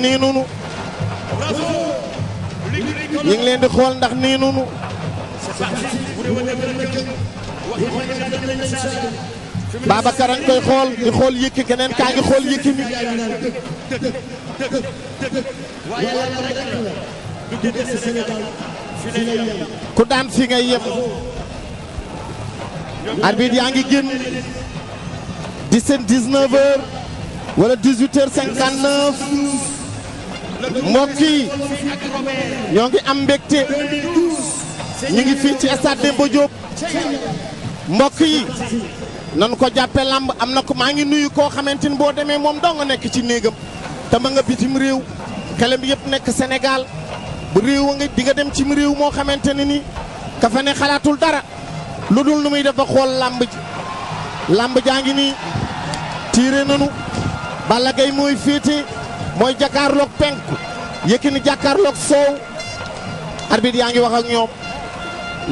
nii nunu ñu ngi leen di xool ndax nii nunu Babacar a ngi koy xool di xool yëkki keneen kaa ngi xool yëkki mi ku daan fi ngay yem arbitre yaa ngi génn di seen 19 wala 18h59 mbokk yi ñoo ngi am mbégte ñu ngi fii ci stade Demba Diop mbokk yi nan ko jàppe lamb am na ko maa ngi nuyu koo xamante ni boo demee moom doo nga nekk ci néegam te ma nga bitim réew xelam yëpp nekk Sénégal bu réew nga di nga dem cim réew moo xamante ne ni ka fa ne xalaatul dara lu dul nu muy def ba xool làmb ji làmb jaa ngi nii tiire nanu Balla Gaye mooy féete mooy jàkkaarloog penku Yékini jàkkaarloog soow arbitre yaa ngi wax ak ñoom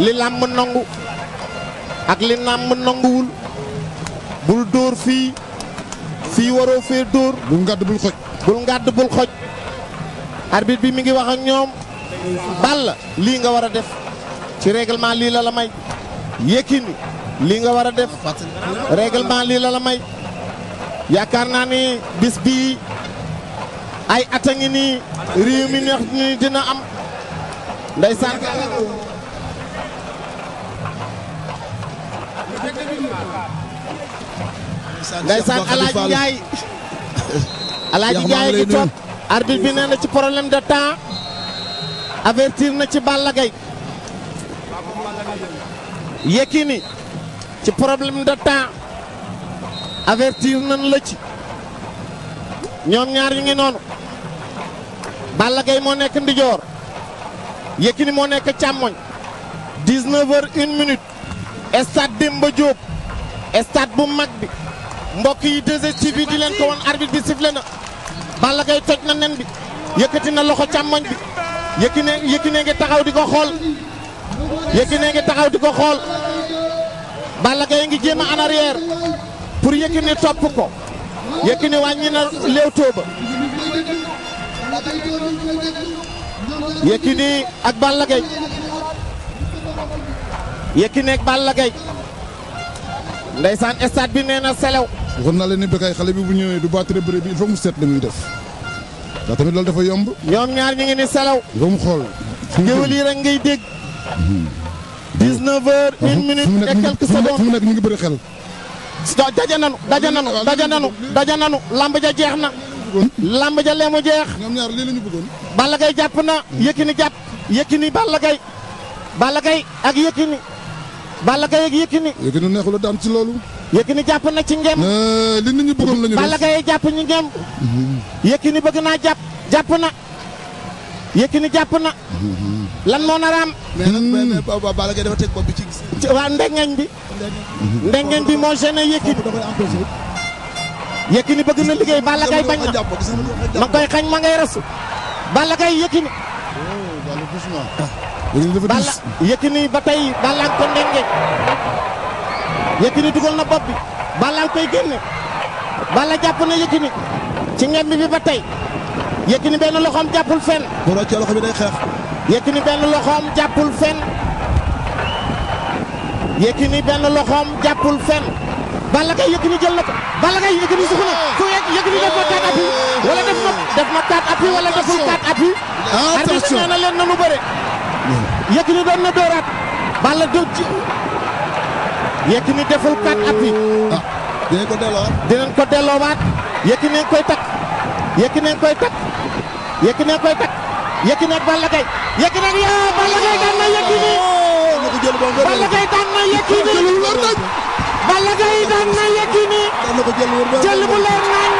li làmm nangu ak li làmb nanguwul bul dóor fii fii waroo fee dóor bul ngàdd bul xoj bul ngàdd bul xoj arbitre bi mi ngi wax ak ñoom Balla lii nga war a def ci règlement lii la la may Yékini lii nga war a def règlement lii la la may yaakaar naa ni bis bii ay at a ngi nii réew mi neex ni dina am ndeysaan ndeysaan Alaaji Njaay Alaaji Njaay ngi toog arbitre bi nee na ci problème de temps avertir na ci Balla Gaye Yékini ci problème de temps avertir nan la ci ñoom ñaar ñu ngi noonu Balla moo nekk ndijoor Yékini moo nekk càmmoñ 19 heures une minute stade Demba Diop stade bu mag bi mbokk yi 2STV di leen ko woon arbitre bi sifflé na Balla Gaye toj na nen bi yëkkati na loxo càmmoñ bi Yékini Yékini ngi taxaw di ko xool Yékini ngi taxaw di ko xool Balla Gaye ngi jéem a pour Yékini topp ko Yékini wàññi na léewtoo ba Yékini ak Balla Gaye Yékini ak Balla Gaye ndeysaan stade bi nee na selew waxoon naa leen ni Bécaye xale bi bu ñëwee du battre bëre bi il mu seet li muy def ndax tamit loolu dafa yomb ñoom ñaar ñu ngi ni selew il faut xool géwél yi rek ngay dégg 19 hmm. heures une minute et quelques fu mu nekk ñu ngi bëri xel daje nanu daje nanu daje nanu daje nanu lamb ja jeex na. lamb ja leemu jeex. ñoom ñaar bëggoon. Balla Gaye jàpp na Yékini jàpp Yékini Balla Gaye Balla ak Yékini Balla Gaye ak Yékini. Yékini neexul daan ci loolu. Yékini jàpp na ci ngem. Eh, li nit ñi bëggoon la def Balla Gaye jàpp ñu ngem. Yékini bëgg naa jàpp jàpp na. Yékini jàpp na. lan moo nar a am. mais nag Balla Gaye ci gis. waa ndengeñ bi. ndengeñ bi moo gêné Yékini. ba bëgg a liggéey Balla Gaye bañ na ma koy xañ ma ngay rasu. Balla Gaye Yékini. Balla Yékini ba tey Balla ko ndengeñ. Yékini dugal na bopp bi. Balla koy génne. Balla jàpp na Yékini. ci ngemb bi ba tey. Yékini benn loxoom jàppul fen bu roccee loxo bi day xeex. Yékini benn loxoom jàppul fen Yékini benn loxoom jàppul fen Balla Gaye Yékini jël na ko Balla Gaye Yékini suxu na ku yegg Yékini def na taat appui wala def na def na taat appui wala deful taat appui. attention nee na leen na nu bëre. Yékini doon na dooraat Balla dóor ci Yékini deful taat appui. ah dinañ ko delloo. dinañ ko delloowaat koy takk. Yékini koy takk Yékini koy takk Yékini neen Balla Gaye yaa Balla Gaye daan na Yékini Balla Gaye daan na Yékini Balla Gaye daan na Yékini jël bu leer nañ